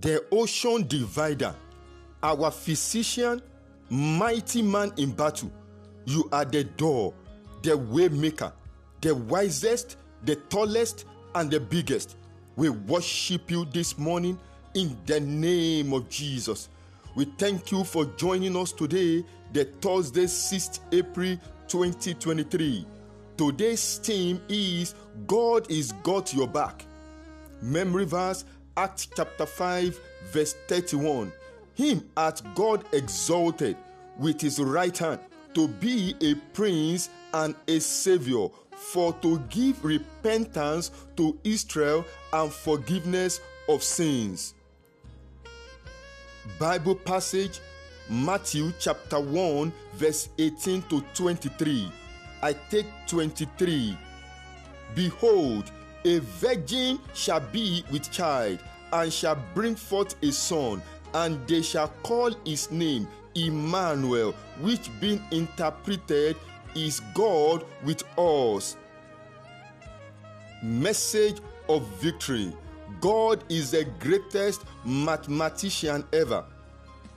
the ocean divider, our physician, mighty man in battle. You are the door, the waymaker, the wisest, the tallest, and the biggest. We worship you this morning in the name of Jesus. We thank you for joining us today, the Thursday, 6th April 2023. Today's theme is God is got your back. Memory verse Acts chapter five verse thirty-one, Him hath God exalted with his right hand to be a prince and a savior, for to give repentance to Israel and forgiveness of sins. Bible passage Matthew chapter one verse eighteen to twenty-three. I take twenty-three. Behold, A virgin shall be with child, and shall bring forth a son, and they shall call his name Emmanuel, which being interpreted is God with us. Message of victory God is the greatest mathematician ever.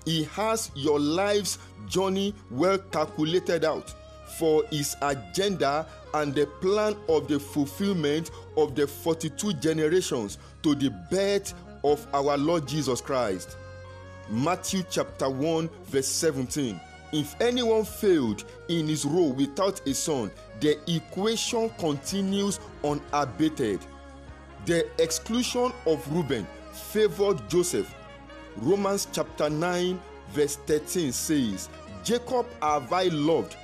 He has your life's journey well calculated out. for his agenda and the plan of the fulfillment of the forty-two generations to the birth of our Lord Jesus Christ. Matthew chapter one verse seventeen. If anyone failed in his role without a son, the equation continues unabated. The exclusion of Reuben favored Joseph. Romans chapter nine verse thirteen says, Jacob have I loved,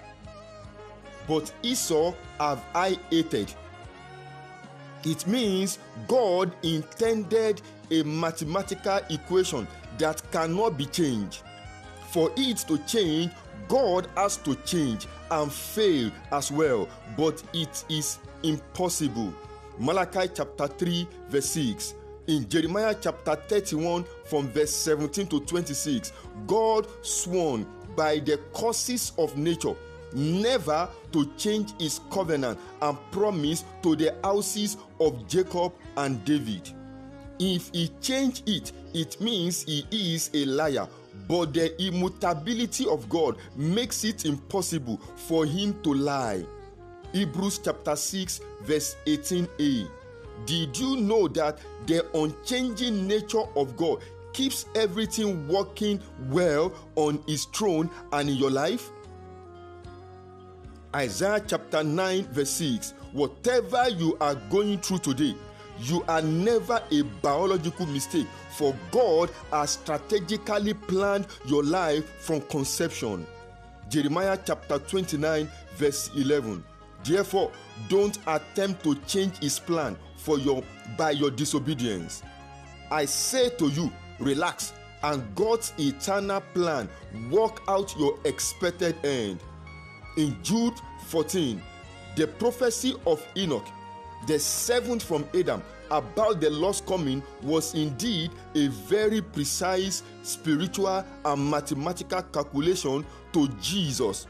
but Esau have I hated. It means God intended a mathematical equation that cannot be changed. For it to change, God has to change and fail as well, but it is impossible. Malachi chapter 3, verse 6. In Jeremiah chapter 31, from verse 17 to 26, God sworn by the causes of nature never to change his covenant and promise to the houses of Jacob and David. If he change it, it means he is a liar. But the immutability of God makes it impossible for him to lie. Hebrews chapter six, verse eighteen. a Did you know that the unchanging nature of God keeps everything working well on his throne and in your life? Isaiah chapter 9, verse 6 Whatever you are going through today, you are never a biological mistake, for God has strategically planned your life from conception. Jeremiah chapter 29, verse 11. Therefore, don't attempt to change his plan for your by your disobedience. I say to you, relax, and God's eternal plan work out your expected end in Jude 14, the prophecy of Enoch, the seventh from Adam, about the Lord's coming was indeed a very precise spiritual and mathematical calculation to Jesus,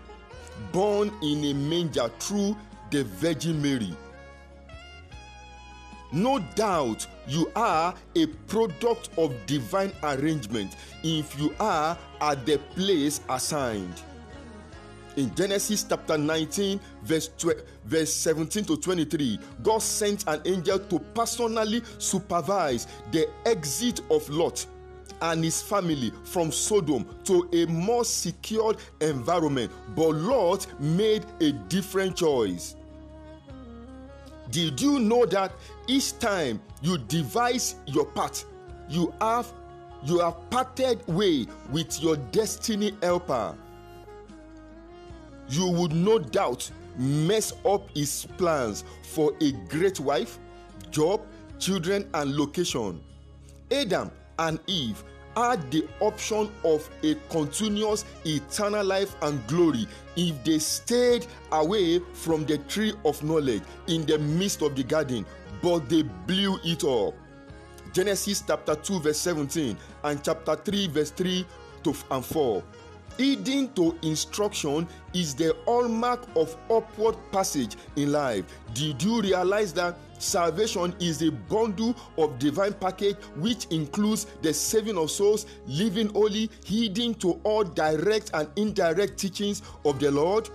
born in a manger through the Virgin Mary. No doubt you are a product of divine arrangement if you are at the place assigned. In Genesis chapter 19, verse, 12, verse 17 to 23, God sent an angel to personally supervise the exit of Lot and his family from Sodom to a more secured environment. But Lot made a different choice. Did you know that each time you devise your path, you have you have parted way with your destiny helper? you would no doubt mess up his plans for a great wife, job, children, and location. Adam and Eve had the option of a continuous eternal life and glory if they stayed away from the tree of knowledge in the midst of the garden, but they blew it up. Genesis chapter 2 verse 17 and chapter 3 verse 3 to and 4. Heeding to instruction is the hallmark of upward passage in life. Did you realize that salvation is a bundle of divine package which includes the saving of souls, living holy, heeding to all direct and indirect teachings of the Lord?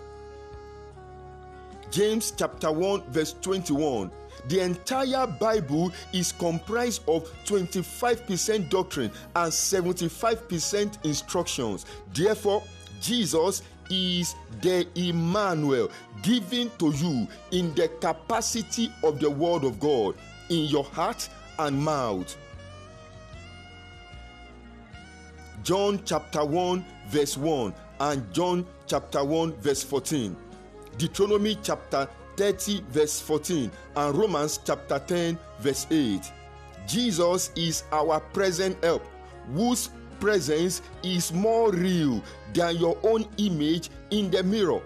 James chapter 1 verse 21. The entire Bible is comprised of 25% doctrine and 75% instructions. Therefore, Jesus is the Emmanuel given to you in the capacity of the Word of God in your heart and mouth. John chapter 1 verse 1 and John chapter 1 verse 14. Deuteronomy chapter 30, verse 14, and Romans chapter 10, verse 8. Jesus is our present help, whose presence is more real than your own image in the mirror.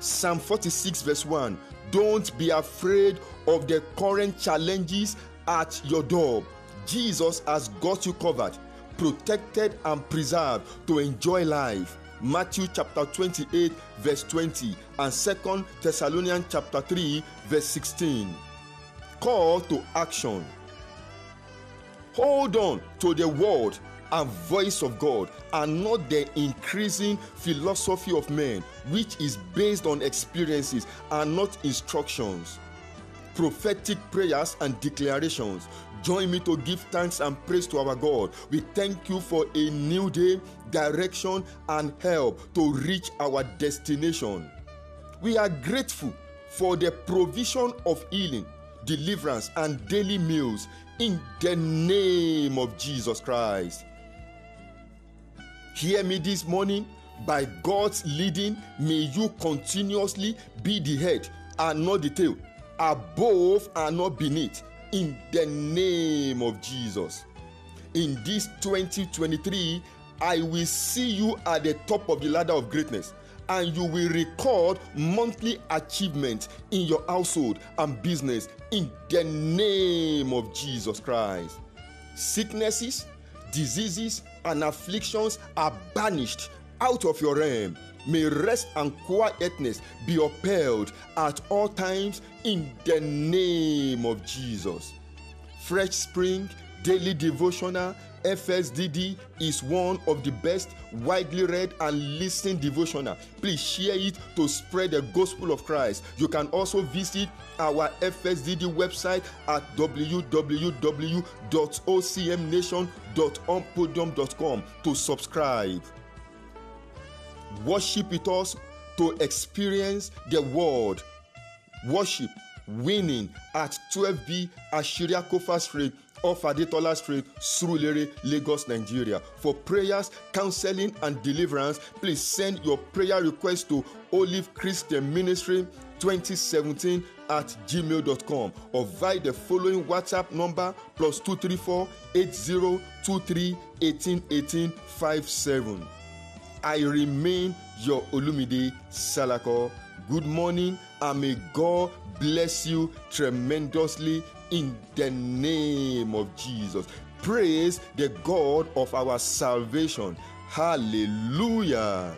Psalm 46, verse 1 Don't be afraid of the current challenges at your door. Jesus has got you covered, protected, and preserved to enjoy life. Matthew chapter twenty-eight verse twenty and Second Thessalonians chapter three verse sixteen. Call to action. Hold on to the word and voice of God and not the increasing philosophy of men which is based on experiences and not instructions prophetic prayers and declarations Join me to give thanks and praise to our God. We thank you for a new day, direction, and help to reach our destination. We are grateful for the provision of healing, deliverance, and daily meals in the name of Jesus Christ. Hear me this morning. By God's leading, may you continuously be the head and not the tail, above and not beneath in the name of Jesus. In this 2023, I will see you at the top of the ladder of greatness and you will record monthly achievements in your household and business in the name of Jesus Christ. Sicknesses, diseases, and afflictions are banished out of your realm. May rest and quietness be upheld at all times in the name of Jesus. Fresh Spring Daily Devotional FSDD is one of the best widely read and listened devotional. Please share it to spread the gospel of Christ. You can also visit our FSDD website at www.ocmnation.umpodium.com to subscribe. Worship with us to experience the world. Worship winning at 12B Ashiria Kofa Street off Adetola Street, Surulere, Lagos, Nigeria. For prayers, counseling, and deliverance, please send your prayer request to Olive Christian Ministry 2017 at gmail.com or via the following WhatsApp number plus 234 8023 1818 57. I remain your Olumide Salako. Good morning and may God bless you tremendously in the name of Jesus. Praise the God of our salvation. Hallelujah.